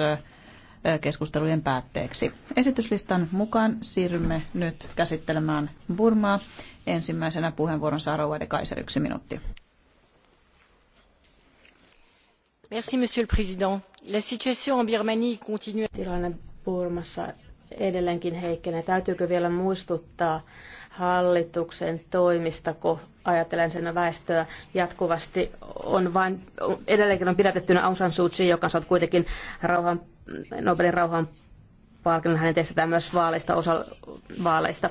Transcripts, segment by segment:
äänestys keskustelujen päätteeksi. Esityslistan mukaan siirrymme nyt käsittelemään Burmaa. Ensimmäisenä puheenvuoron saa Rouva Kaiser, yksi minuutti. Merci, monsieur le président. La situation en Birmanie continue. Tilanne Burmassa edelleenkin heikkenee. Täytyykö vielä muistuttaa hallituksen toimista, kun ajatellen sen väestöä jatkuvasti, on vain, edelleenkin on pidätettynä Aung San Suu Kyi, joka on kuitenkin rauhan, Nobelin rauhan palkinnon, hänen testetään myös vaaleista, osa vaaleista.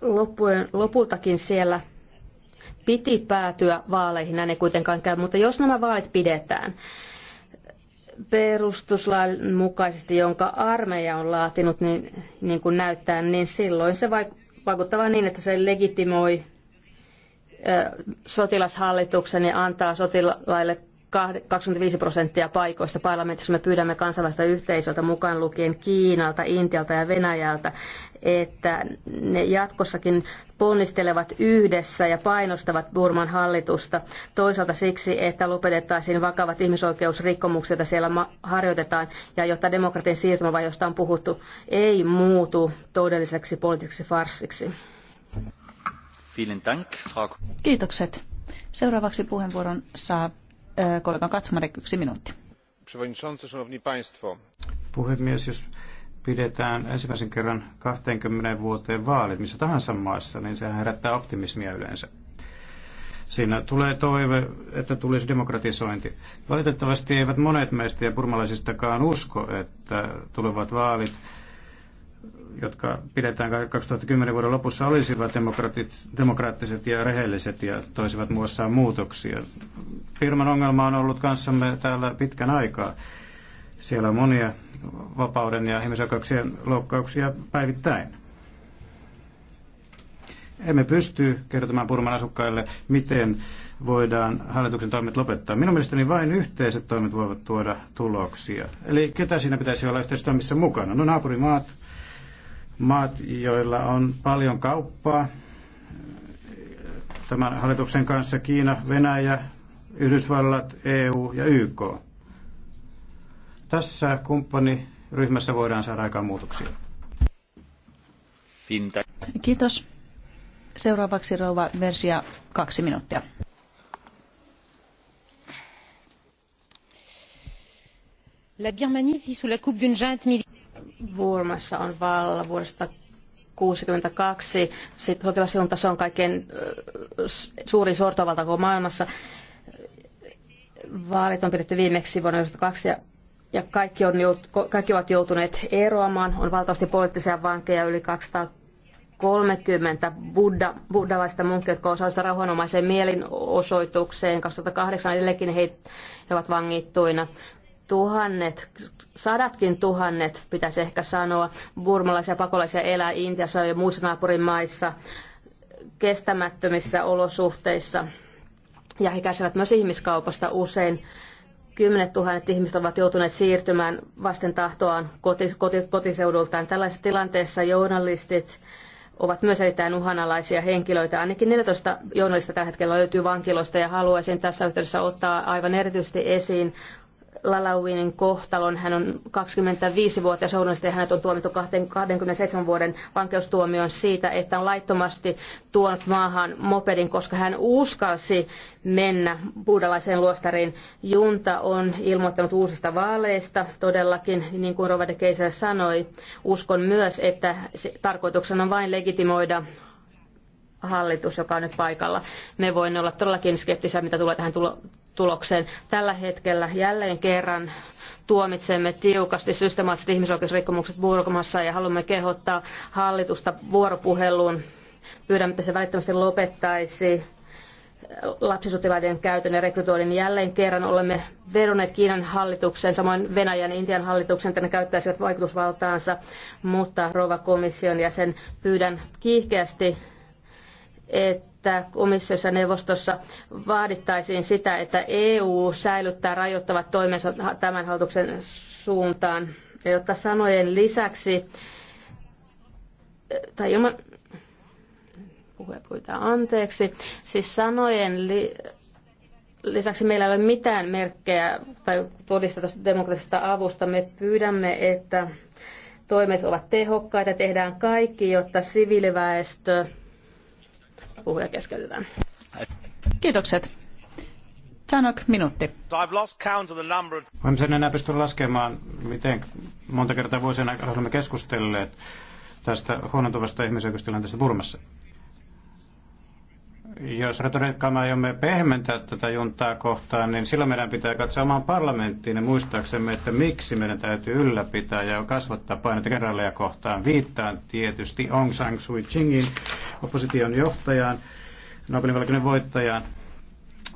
Loppujen, lopultakin siellä piti päätyä vaaleihin, näin ei kuitenkaan käy, mutta jos nämä vaalit pidetään, perustuslain mukaisesti, jonka armeija on laatinut, niin, niin kuin näyttää, niin silloin se vaikuttaa niin, että se legitimoi sotilashallituksen ja antaa sotilaille 25 prosenttia paikoista parlamentissa. Me pyydämme kansainvälistä yhteisöltä mukaan lukien Kiinalta, Intialta ja Venäjältä, että ne jatkossakin ponnistelevat yhdessä ja painostavat Burman hallitusta. Toisaalta siksi, että lopetettaisiin vakavat ihmisoikeusrikkomukset, joita siellä harjoitetaan, ja jotta demokratian siirtymä, josta on puhuttu, ei muutu todelliseksi poliittiseksi farssiksi. Kiitokset. Seuraavaksi puheenvuoron saa kollega Katsmarek, yksi minuutti. Puhemies, jos pidetään ensimmäisen kerran 20 vuoteen vaalit missä tahansa maassa, niin sehän herättää optimismia yleensä. Siinä tulee toive, että tulisi demokratisointi. Valitettavasti eivät monet meistä ja burmalaisistakaan usko, että tulevat vaalit jotka pidetään 2010 vuoden lopussa, olisivat demokraattiset ja rehelliset ja toisivat muassaan muutoksia. Firman ongelma on ollut kanssamme täällä pitkän aikaa. Siellä on monia vapauden ja ihmisoikeuksien loukkauksia päivittäin. Emme pysty kertomaan Purman asukkaille, miten voidaan hallituksen toimet lopettaa. Minun mielestäni vain yhteiset toimet voivat tuoda tuloksia. Eli ketä siinä pitäisi olla yhteistoimissa mukana? No naapurimaat, maat, joilla on paljon kauppaa tämän hallituksen kanssa, Kiina, Venäjä, Yhdysvallat, EU ja YK. Tässä kumppaniryhmässä voidaan saada aikaan muutoksia. Finta. Kiitos. Seuraavaksi rouva Versia, kaksi minuuttia. La Birmanie vit sous la coupe d'une junte militaire. Burmassa on vallalla vuodesta 1962. Sitten sotilasjunta taso on kaikkein suurin sortovalta koko maailmassa. Vaalit on pidetty viimeksi vuonna 1992 ja ja kaikki, on jout, kaikki ovat joutuneet eroamaan. On valtavasti poliittisia vankeja yli 230 buddha, buddhalaista munkkia, jotka osallistuivat rauhanomaiseen mielinosoitukseen. 2008 edelleenkin he, he ovat vangittuina tuhannet, sadatkin tuhannet, pitäisi ehkä sanoa, burmalaisia pakolaisia elää Intiassa ja muissa naapurimaissa kestämättömissä olosuhteissa. Ja he kärsivät myös ihmiskaupasta usein. Kymmenet tuhannet ihmiset ovat joutuneet siirtymään vasten tahtoaan koti, koti, kotiseudultaan. Tällaisessa tilanteessa journalistit ovat myös erittäin uhanalaisia henkilöitä. Ainakin 14 journalista tällä hetkellä löytyy vankilosta ja haluaisin tässä yhteydessä ottaa aivan erityisesti esiin Lalauinen kohtalon. Hän on 25-vuotias journalisti ja hänet on tuomittu 27 vuoden vankeustuomioon siitä, että on laittomasti tuonut maahan mopedin, koska hän uskalsi mennä buudalaiseen luostariin. Junta on ilmoittanut uusista vaaleista todellakin, niin kuin Rovade Keiser sanoi. Uskon myös, että tarkoituksena on vain legitimoida hallitus, joka on nyt paikalla. Me voimme olla todellakin skeptisiä, mitä tulee tähän tulokseen. Tällä hetkellä jälleen kerran tuomitsemme tiukasti systemaattiset ihmisoikeusrikkomukset Burmassa ja haluamme kehottaa hallitusta vuoropuheluun. Pyydämme, että se välittömästi lopettaisi lapsisotilaiden käytön ja rekrytoinnin jälleen kerran olemme vedonneet Kiinan hallitukseen, samoin Venäjän ja Intian hallituksen, että ne käyttäisivät vaikutusvaltaansa, mutta rouva komission jäsen pyydän kiihkeästi että komissiossa ja neuvostossa vaadittaisiin sitä, että EU säilyttää rajoittavat toimensa tämän hallituksen suuntaan. Ja jotta sanojen lisäksi, eh, tai ilman, puhe pyytää anteeksi, siis sanojen li, lisäksi meillä ei ole mitään merkkejä tai todisteta demokratisesta avusta. Me pyydämme, että toimet ovat tehokkaita, tehdään kaikki, jotta siviiliväestö puhuja keskeytetään. Kiitokset. Tanok, minuutti. Olen sen enää pysty laskemaan, miten monta kertaa vuosien aikana olemme keskustelleet tästä huonontuvasta ihmisoikeustilanteesta Burmassa jos retoriikkaamme me aiomme pehmentää tätä juntaa kohtaan, niin silloin meidän pitää katsoa omaan parlamenttiin ja muistaaksemme, että miksi meidän täytyy ylläpitää ja kasvattaa painetta kenraaleja kohtaan. Viittaan tietysti Aung San Suu Kyiin, opposition johtajaan, Nobelin valkoinen voittajaan,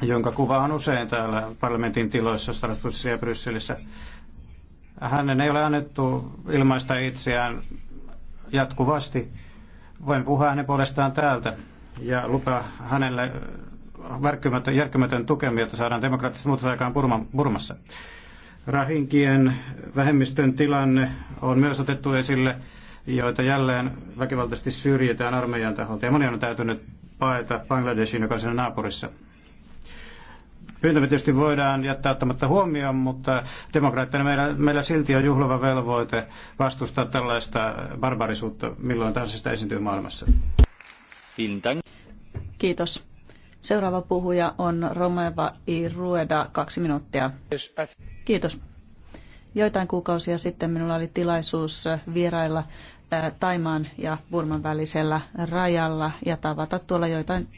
jonka kuva on usein täällä parlamentin tiloissa Strasbourgissa ja Brysselissä. Hänen ei ole annettu ilmaista itseään jatkuvasti. Voin puhua hänen puolestaan täältä ja lupaa hänelle äh, järkkymätön tukemia että saadaan demokraattista muutosta aikaan Burmassa. Rahinkien vähemmistön tilanne on myös otettu esille, joita jälleen väkivaltaisesti syrjitään armeijan taholta. Ja moni on täytynyt paeta Bangladeshin, joka on naapurissa. Pyyntömme tietysti voidaan jättää ottamatta huomioon, mutta demokraattina meillä, meillä silti on juhlava velvoite vastustaa tällaista barbarisuutta, milloin tahansa sitä esiintyy maailmassa. Vielen Dank. Kiitos. Seuraava puhuja on Romeva Irueda, kaksi minuuttia. Kiitos. Joitain kuukausia sitten minulla oli tilaisuus vierailla Taimaan ja Burman välisellä rajalla ja tavata tuolla joitain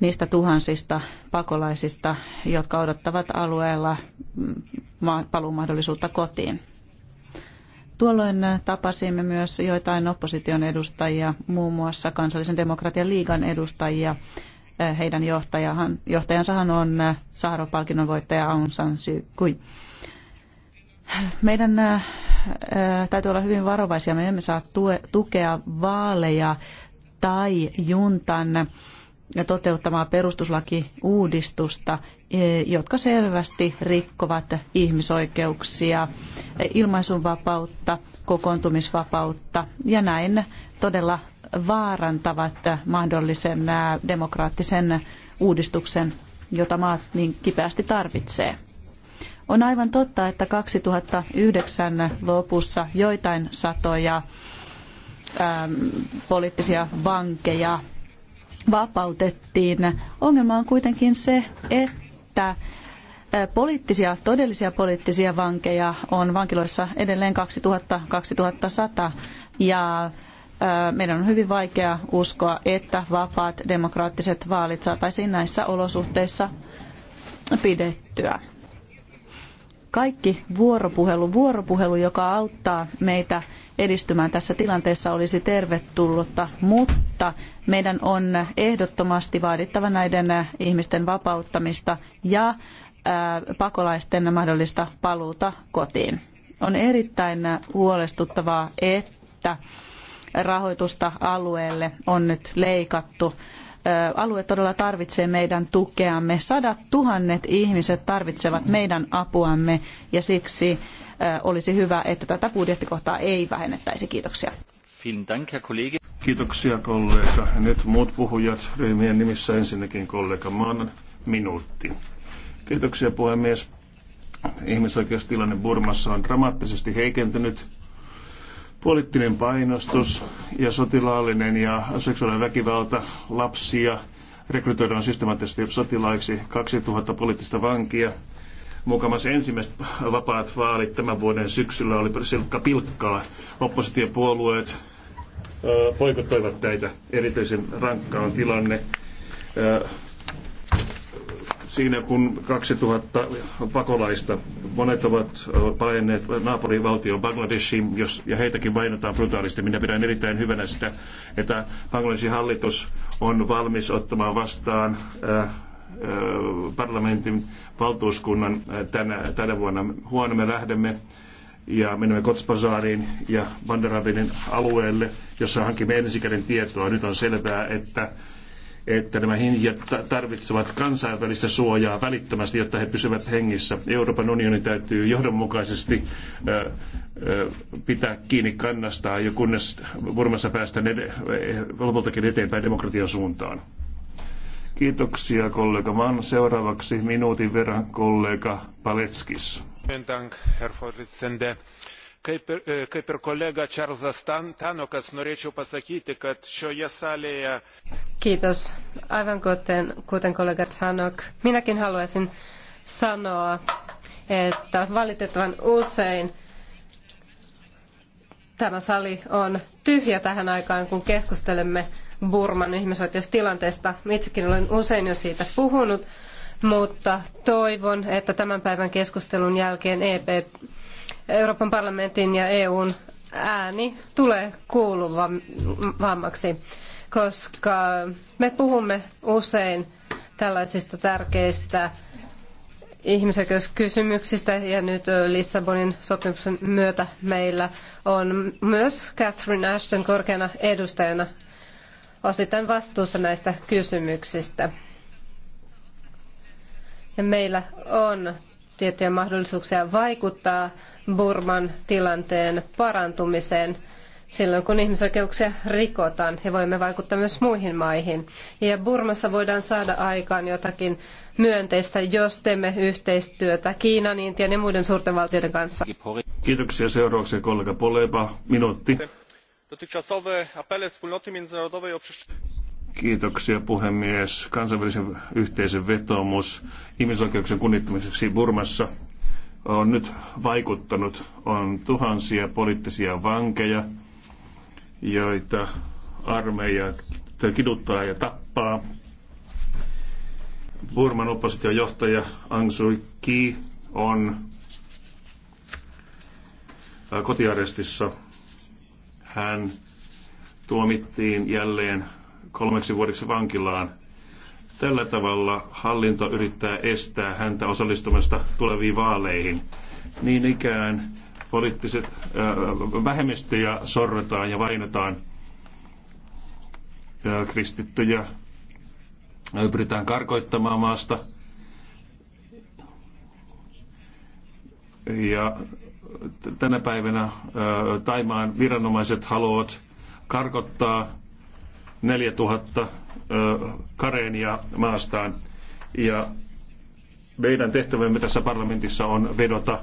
niistä tuhansista pakolaisista, jotka odottavat alueella mm, paluumahdollisuutta kotiin. Tuolloin tapasimme myös joitain opposition edustajia, muun muassa kansallisen demokratian liigan edustajia. Heidän johtajahan, johtajansahan on Saharo-palkinnon voittaja Aung San Suu Kyi. Meidän äh, äh, täytyy olla hyvin varovaisia. Me emme saa tue, tukea vaaleja tai juntan ja toteuttamaa perustuslakiuudistusta, e, jotka selvästi rikkovat ihmisoikeuksia, e, ilmaisunvapautta, kokoontumisvapautta ja näin todella vaarantavat mahdollisen e, demokraattisen uudistuksen, jota maat niin kipeästi tarvitsee. On aivan totta, että 2009 lopussa joitain satoja poliittisia vankeja vapautettiin. Ongelma on kuitenkin se, että poliittisia, todellisia poliittisia vankeja on vankiloissa edelleen 2000-2100 ja meidän on hyvin vaikea uskoa, että vapaat demokraattiset vaalit saataisiin näissä olosuhteissa pidettyä. Kaikki vuoropuhelu, vuoropuhelu, joka auttaa meitä edistymään tässä tilanteessa olisi tervetullutta, mutta meidän on ehdottomasti vaadittava näiden äh, ihmisten vapauttamista ja äh, pakolaisten mahdollista paluuta kotiin. On erittäin huolestuttavaa, että rahoitusta alueelle on nyt leikattu äh, alue todella tarvitsee meidän tukeamme. Sadat tuhannet ihmiset tarvitsevat meidän apuamme ja siksi olisi hyvä, että tätä budjettikohtaa ei vähennettäisi. Kiitoksia. Kiitoksia kollega. Nyt muut puhujat ryhmien nimissä ensinnäkin kollega Maanan minuutti. Kiitoksia puhemies. Ihmisoikeustilanne Burmassa on dramaattisesti heikentynyt. Poliittinen painostus ja sotilaallinen ja seksuaalinen väkivalta lapsia rekrytoidaan systemaattisesti sotilaiksi 2000 poliittista vankia mukamassa ensimmäiset vapaat vaalit tämän vuoden syksyllä oli silkka pilkkaa. Oppositiopuolueet poikottoivat näitä. Erityisen rankka on tilanne siinä, kun 2000 pakolaista, monet ovat paenneet naapurivaltioon Bangladeshiin, jos, ja heitäkin vainotaan brutaalisti. Minä pidän erittäin hyvänä sitä, että Bangladeshin hallitus on valmis ottamaan vastaan äh, parlamentin valtuuskunnan tänä, tänä vuonna. Huono me lähdemme ja menemme Kotspazaariin ja Bandarabinin alueelle, jossa hankimme ensikäden tietoa. Nyt on selvää, että että nämä hinjat tarvitsevat kansainvälistä suojaa välittömästi, jotta he pysyvät hengissä. Euroopan unioni täytyy johdonmukaisesti pitää kiinni kannastaan, jo kunnes Burmassa päästään ed- lopultakin eteenpäin demokratian suuntaan. Kiitoksia kollega Mann. Seuraavaksi minuutin verran kollega Paletskis. Kaip ir eh, kollega Charlesas Tanokas, norėčiau pasakyti, kad šioje salėje. Kiitos. Aivan kuten, kuten kollega Tanok, minäkin haluaisin sanoa, että valitettavan usein tämä sali on tyhjä tähän aikaan, kun keskustelemme Burman ihmisoikeustilanteesta. Itsekin olen usein jo siitä puhunut, mutta toivon, että tämän päivän keskustelun jälkeen EP, Euroopan parlamentin ja EUn ääni tulee kuuluvammaksi, koska me puhumme usein tällaisista tärkeistä ihmisoikeuskysymyksistä ja nyt Lissabonin sopimuksen myötä meillä on myös Catherine Ashton korkeana edustajana osittain vastuussa näistä kysymyksistä. Ja meillä on tiettyjä mahdollisuuksia vaikuttaa Burman tilanteen parantumiseen silloin, kun ihmisoikeuksia rikotaan. Ja voimme vaikuttaa myös muihin maihin. Ja Burmassa voidaan saada aikaan jotakin myönteistä, jos teemme yhteistyötä Kiinan, Intian ja muiden suurten valtioiden kanssa. Kiitoksia. Seuraavaksi kollega Poleba, minuutti dotychczasowe apele wspólnoty międzynarodowej o Kiitoksia puhemies. Kansainvälisen yhteisön vetoomus ihmisoikeuksien kunnittamiseksi Burmassa on nyt vaikuttanut. On tuhansia poliittisia vankeja, joita armeija kiduttaa ja tappaa. Burman oppositiojohtaja Aung Suu Kyi on kotiarestissa hän tuomittiin jälleen kolmeksi vuodeksi vankilaan. Tällä tavalla hallinto yrittää estää häntä osallistumasta tuleviin vaaleihin. Niin ikään poliittiset äh, vähemmistöjä sorretaan ja vainotaan. Äh, kristittyjä pyritään karkoittamaan maasta. Ja tänä päivänä Taimaan viranomaiset haluavat karkottaa 4000 kareenia maastaan. Ja meidän tehtävämme tässä parlamentissa on vedota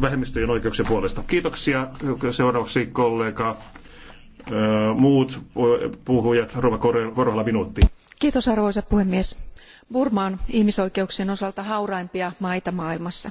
vähemmistöjen oikeuksien puolesta. Kiitoksia. Seuraavaksi kollega muut puhujat, Rova Korhola, minuutti. Kiitos arvoisa puhemies. Burma on ihmisoikeuksien osalta hauraimpia maita maailmassa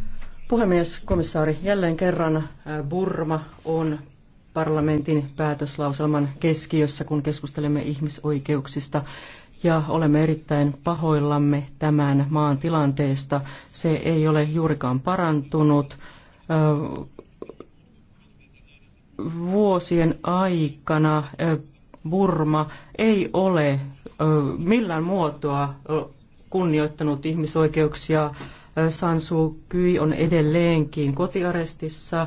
Puhemies, komissaari, jälleen kerran äh, Burma on parlamentin päätöslauselman keskiössä, kun keskustelemme ihmisoikeuksista. Ja olemme erittäin pahoillamme tämän maan tilanteesta. Se ei ole juurikaan parantunut. Äh, vuosien aikana äh, Burma ei ole millään muotoa kunnioittanut ihmisoikeuksia San Suu Kyi on edelleenkin kotiarestissa.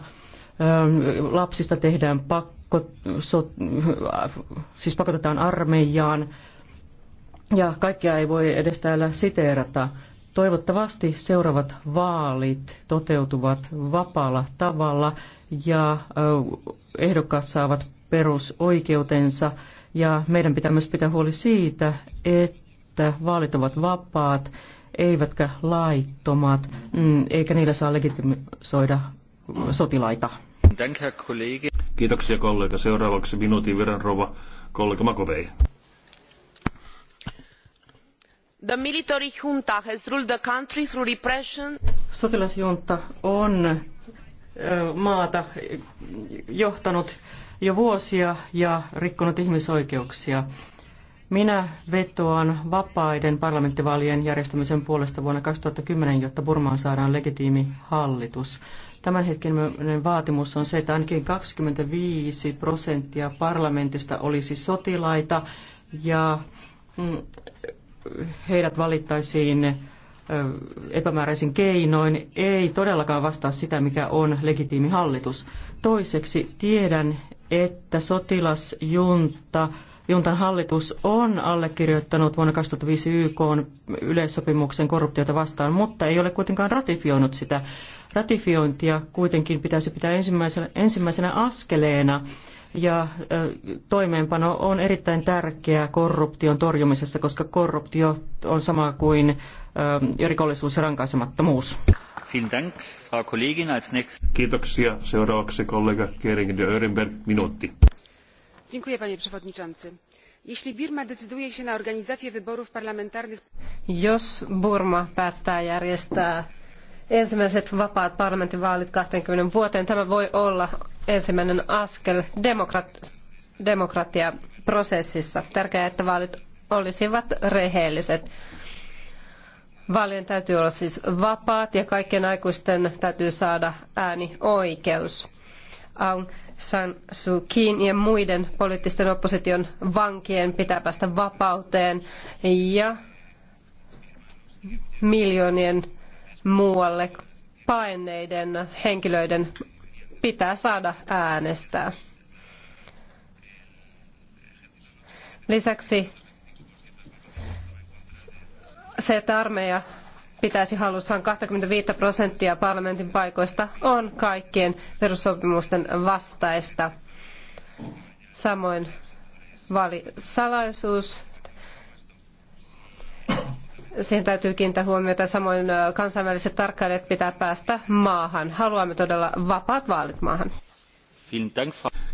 Ähm, lapsista tehdään pakko, so, siis pakotetaan armeijaan ja kaikkia ei voi edes täällä siteerata. Toivottavasti seuraavat vaalit toteutuvat vapaalla tavalla ja ehdokkaat saavat perusoikeutensa. Ja meidän pitää myös pitää huoli siitä, että vaalit ovat vapaat eivätkä laittomat, mm, eikä niillä saa legitimisoida sotilaita. Kiitoksia kollega. Seuraavaksi minuutin verran rouva kollega Makovei. The military junta has ruled the country through repression. Sotilasjunta on maata johtanut jo vuosia ja rikkonut ihmisoikeuksia. Minä vetoan vapaiden parlamenttivaalien järjestämisen puolesta vuonna 2010, jotta Burmaan saadaan legitiimi hallitus. Tämän hetken vaatimus on se, että ainakin 25 prosenttia parlamentista olisi sotilaita ja mm, heidät valittaisiin epämääräisin keinoin, ei todellakaan vastaa sitä, mikä on legitiimi hallitus. Toiseksi tiedän, että sotilasjunta Juntan hallitus on allekirjoittanut vuonna 2005 YK yleissopimuksen korruptiota vastaan, mutta ei ole kuitenkaan ratifioinut sitä. Ratifiointia kuitenkin pitäisi pitää ensimmäisenä, ensimmäisenä askeleena ja toimeenpano on erittäin tärkeää korruption torjumisessa, koska korruptio on sama kuin rikollisuus ja rankaisemattomuus. Kiitoksia. Seuraavaksi kollega Kering de Örenberg, minuutti panie przewodniczący! jeśli birma decyduje się na organizację wyborów parlamentarnych jos burma päättää järjestää ensimmäiset vapaat parlamenttivaalit kaksikymmentä vuoteen tämä voi olla ensimmäinen askel demokratiaprosessissa. tärkeää että vaalit olisivat rehelliset. Vaalien täytyy olla siis vapaat ja kaikkien aikuisten täytyy saada äänioikeus. San Suu Kyiin ja muiden poliittisten opposition vankien pitää päästä vapauteen ja miljoonien muualle paineiden henkilöiden pitää saada äänestää. Lisäksi se, että armeija pitäisi halussaan 25 prosenttia parlamentin paikoista on kaikkien perussopimusten vastaista. Samoin vaalisalaisuus, siihen täytyy kiinnittää huomiota. Samoin kansainväliset tarkkailijat pitää päästä maahan. Haluamme todella vapaat vaalit maahan.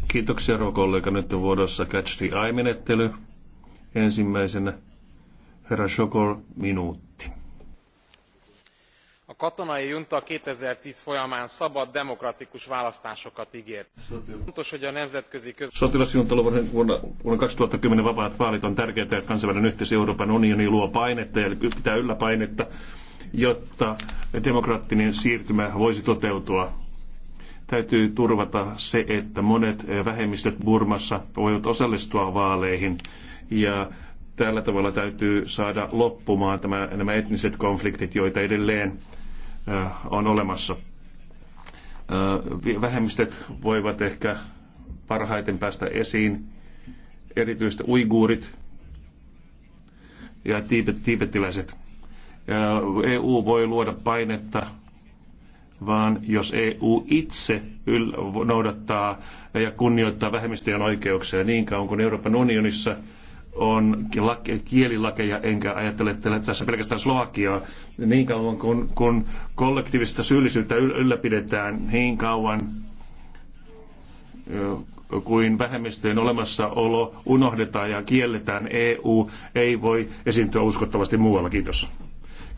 Kiitoksia, rouva kollega. Nyt on vuodossa Catch the Eye-menettely. Ensimmäisenä herra Shokor, minuutti a katonai junta two thousand and ten folyamán szabad demokratikus választásokat gért. fontos hogy a nemzetközi közösség. on tärkeää että kansainvälinen yhteisö Euroopan unioni luo painetta ja pitää yllä jotta demokraattinen siirtymä voisi toteutua. Täytyy turvata se, että monet vähemmistöt Burmassa voivat osallistua vaaleihin ja tällä tavalla täytyy saada loppumaan tämä, nämä etniset konfliktit, joita edelleen on olemassa. Vähemmistöt voivat ehkä parhaiten päästä esiin, erityisesti uiguurit ja tiibettiläiset. EU voi luoda painetta vaan jos EU itse yl- noudattaa ja kunnioittaa vähemmistöjen oikeuksia niin kauan kuin Euroopan unionissa – on kielilakeja, enkä ajattele että tässä pelkästään Slovakiaa, niin kauan kun, kun kollektiivista syyllisyyttä ylläpidetään, niin kauan kuin vähemmistöjen olemassaolo unohdetaan ja kielletään EU, ei voi esiintyä uskottavasti muualla. Kiitos.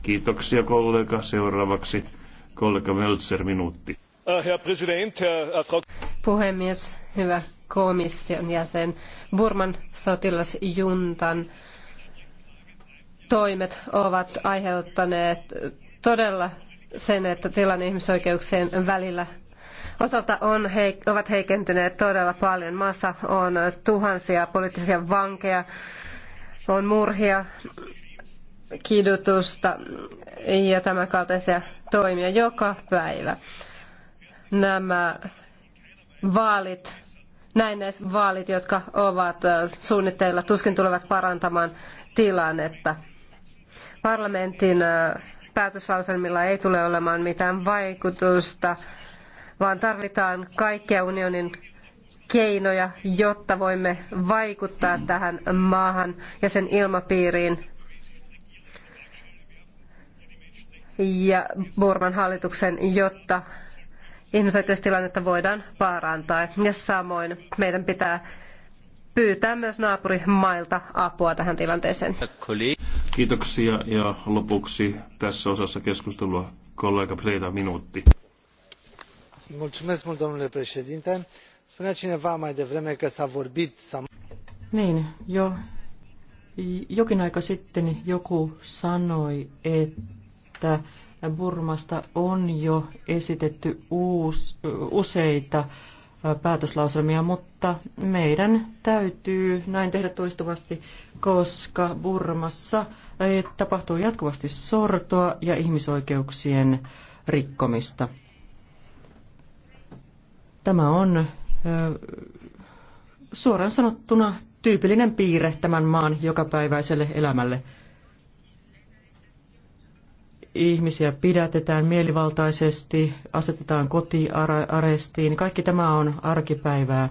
Kiitoksia kollega. Seuraavaksi kollega Meltzer, minuutti. Äh, Herr Präsident, Herr, äh, Frau... Puhemies, hyvä komission jäsen. Burman sotilasjuntan toimet ovat aiheuttaneet todella sen, että tilanne ihmisoikeuksien välillä osalta on heik- ovat heikentyneet todella paljon. Maassa on tuhansia poliittisia vankeja, on murhia, kidutusta ja tämän kaltaisia toimia joka päivä. Nämä vaalit näennäisvaalit, jotka ovat suunnitteilla, tuskin tulevat parantamaan tilannetta. Parlamentin päätöslauselmilla ei tule olemaan mitään vaikutusta, vaan tarvitaan kaikkia unionin keinoja, jotta voimme vaikuttaa tähän maahan ja sen ilmapiiriin ja Burman hallituksen, jotta ihmisoikeustilannetta voidaan parantaa. Ja samoin meidän pitää pyytää myös naapurimailta apua tähän tilanteeseen. Kiitoksia ja lopuksi tässä osassa keskustelua kollega Preda minuutti. Mulțumesc mult, domnule președinte. Spunea cineva mai devreme că s-a vorbit... Niin, jo jokin aika sitten joku sanoi, että Burmasta on jo esitetty uus, useita päätöslauselmia, mutta meidän täytyy näin tehdä toistuvasti, koska Burmassa tapahtuu jatkuvasti sortoa ja ihmisoikeuksien rikkomista. Tämä on suoraan sanottuna tyypillinen piirre tämän maan jokapäiväiselle elämälle – ihmisiä pidätetään mielivaltaisesti, asetetaan kotiarestiin. Kaikki tämä on arkipäivää.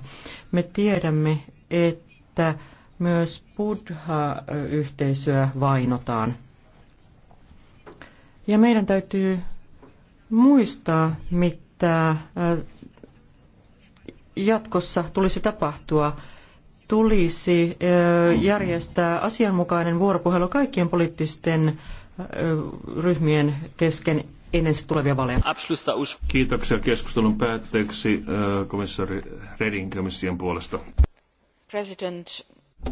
Me tiedämme, että myös buddha-yhteisöä vainotaan. Ja meidän täytyy muistaa, mitä äh, jatkossa tulisi tapahtua tulisi äh, järjestää asianmukainen vuoropuhelu kaikkien poliittisten ryhmien kesken ennen tulevia vaaleja. Kiitoksia keskustelun päätteeksi äh, komissaari Redin komission puolesta. President.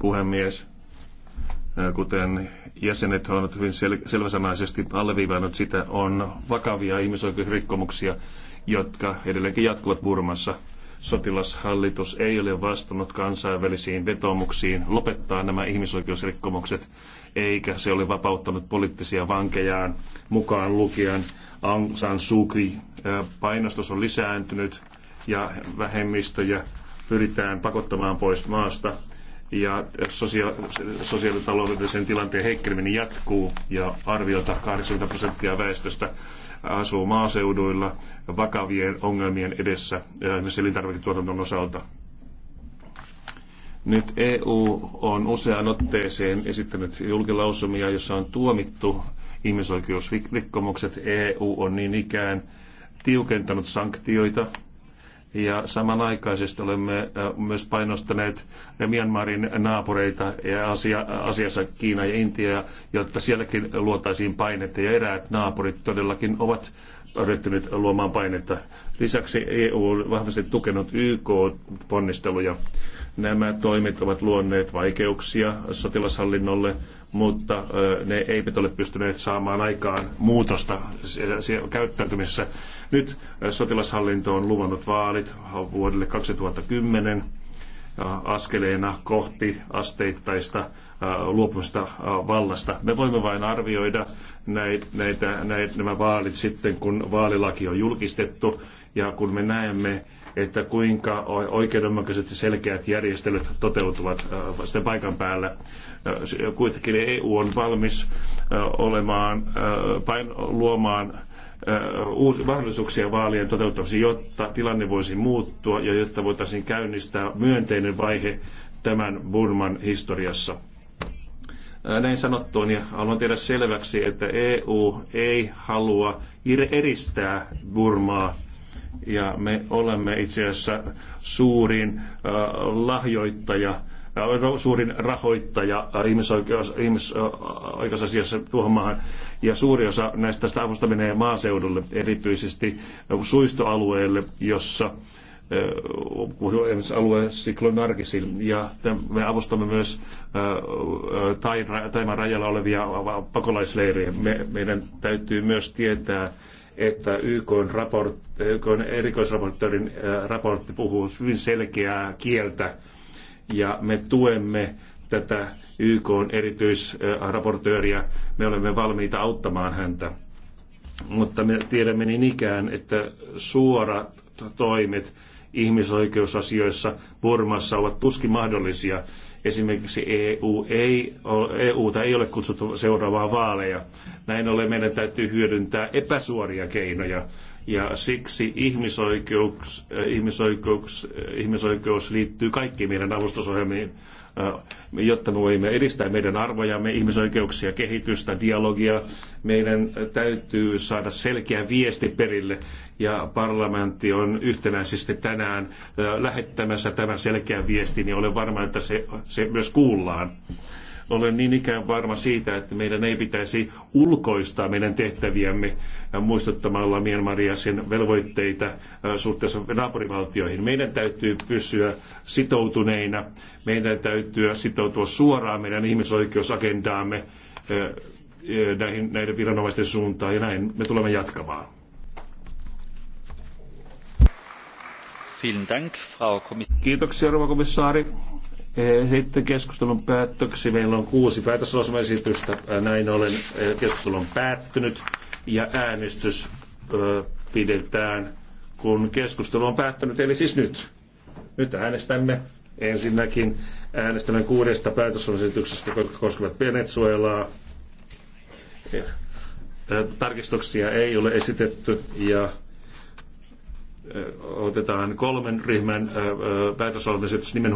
Puhemies, äh, kuten jäsenet ovat hyvin sel- selväsanaisesti alleviivannut, sitä on vakavia ihmisoikeusrikkomuksia, jotka edelleenkin jatkuvat Burmassa sotilashallitus ei ole vastannut kansainvälisiin vetoomuksiin lopettaa nämä ihmisoikeusrikkomukset, eikä se ole vapauttanut poliittisia vankejaan mukaan lukien Aung San Suu Kyi. Painostus on lisääntynyt ja vähemmistöjä pyritään pakottamaan pois maasta ja sosia- sosiaalitaloudellisen tilanteen heikkeneminen jatkuu ja arviota 80 prosenttia väestöstä asuu maaseuduilla vakavien ongelmien edessä eh, esimerkiksi elintarviketuotannon osalta. Nyt EU on useaan otteeseen esittänyt julkilausumia, jossa on tuomittu ihmisoikeusrikkomukset. EU on niin ikään tiukentanut sanktioita ja samanaikaisesti olemme äh, myös painostaneet Myanmarin naapureita ja asia, asiassa Kiina ja Intia, jotta sielläkin luotaisiin painetta ja eräät naapurit todellakin ovat ryhtyneet luomaan painetta. Lisäksi EU on vahvasti tukenut YK-ponnisteluja Nämä toimet ovat luonneet vaikeuksia sotilashallinnolle, mutta ne eivät ole pystyneet saamaan aikaan muutosta käyttäytymisessä. Nyt sotilashallinto on luvannut vaalit vuodelle 2010 askeleena kohti asteittaista luopumista vallasta. Me voimme vain arvioida näitä, näitä, näitä, nämä vaalit sitten, kun vaalilaki on julkistettu ja kun me näemme, että kuinka oikeudenmukaisesti selkeät järjestelyt toteutuvat äh, sitten paikan päällä. Äh, kuitenkin EU on valmis äh, olemaan, pain, luomaan uusi, mahdollisuuksia vaalien toteuttamiseen, jotta tilanne voisi muuttua ja jotta voitaisiin käynnistää myönteinen vaihe tämän Burman historiassa. Näin sanottuun ja haluan tehdä selväksi, että EU ei halua eristää Burmaa ja me olemme itse asiassa suurin äh, lahjoittaja äh, suurin rahoittaja äh, ihmisoikeus, ihmisoikeusasiassa tuohon maahan. Ja suuri osa näistä tästä avusta menee maaseudulle, erityisesti suistoalueelle, jossa esimerkiksi alue Siklonarkisin. Ja me avustamme myös Taiman rajalla olevia pakolaisleirejä. Me, meidän täytyy myös tietää, että YKn, raport, YKn erikoisraportorin äh, raportti puhuu hyvin selkeää kieltä ja me tuemme tätä YKn erityisraportööriä. Me olemme valmiita auttamaan häntä. Mutta me tiedämme niin ikään, että suorat toimet ihmisoikeusasioissa Burmassa ovat tuskin mahdollisia Esimerkiksi EU ei, EUta ei ole kutsuttu seuraavaa vaaleja. Näin ollen meidän täytyy hyödyntää epäsuoria keinoja. Ja siksi ihmisoikeus, äh, ihmisoikeus, äh, ihmisoikeus liittyy kaikkiin meidän avustusohjelmiin, äh, jotta me voimme edistää meidän arvojamme, ihmisoikeuksia, kehitystä, dialogia. Meidän täytyy saada selkeä viesti perille, ja parlamentti on yhtenäisesti tänään lähettämässä tämän selkeän viestin ja niin olen varma, että se, se myös kuullaan olen niin ikään varma siitä, että meidän ei pitäisi ulkoistaa meidän tehtäviämme muistuttamalla Myanmaria sen velvoitteita suhteessa naapurivaltioihin. Meidän täytyy pysyä sitoutuneina, meidän täytyy sitoutua suoraan meidän ihmisoikeusagendaamme näihin, näiden viranomaisten suuntaan ja näin me tulemme jatkamaan. Kiitoksia, rouva komissaari. E, sitten keskustelun päättöksi. Meillä on kuusi päätöslausumaesitystä. E, näin ollen e, keskustelu on päättynyt ja äänestys pidetään, kun keskustelu on päättynyt, eli siis nyt. Nyt äänestämme ensinnäkin äänestämme kuudesta päätöslausumaesityksestä, jotka koskevat Venezuelaa. Tarkistuksia ei ole esitetty ja otetaan kolmen ryhmän päätösolmaisuus siis nimen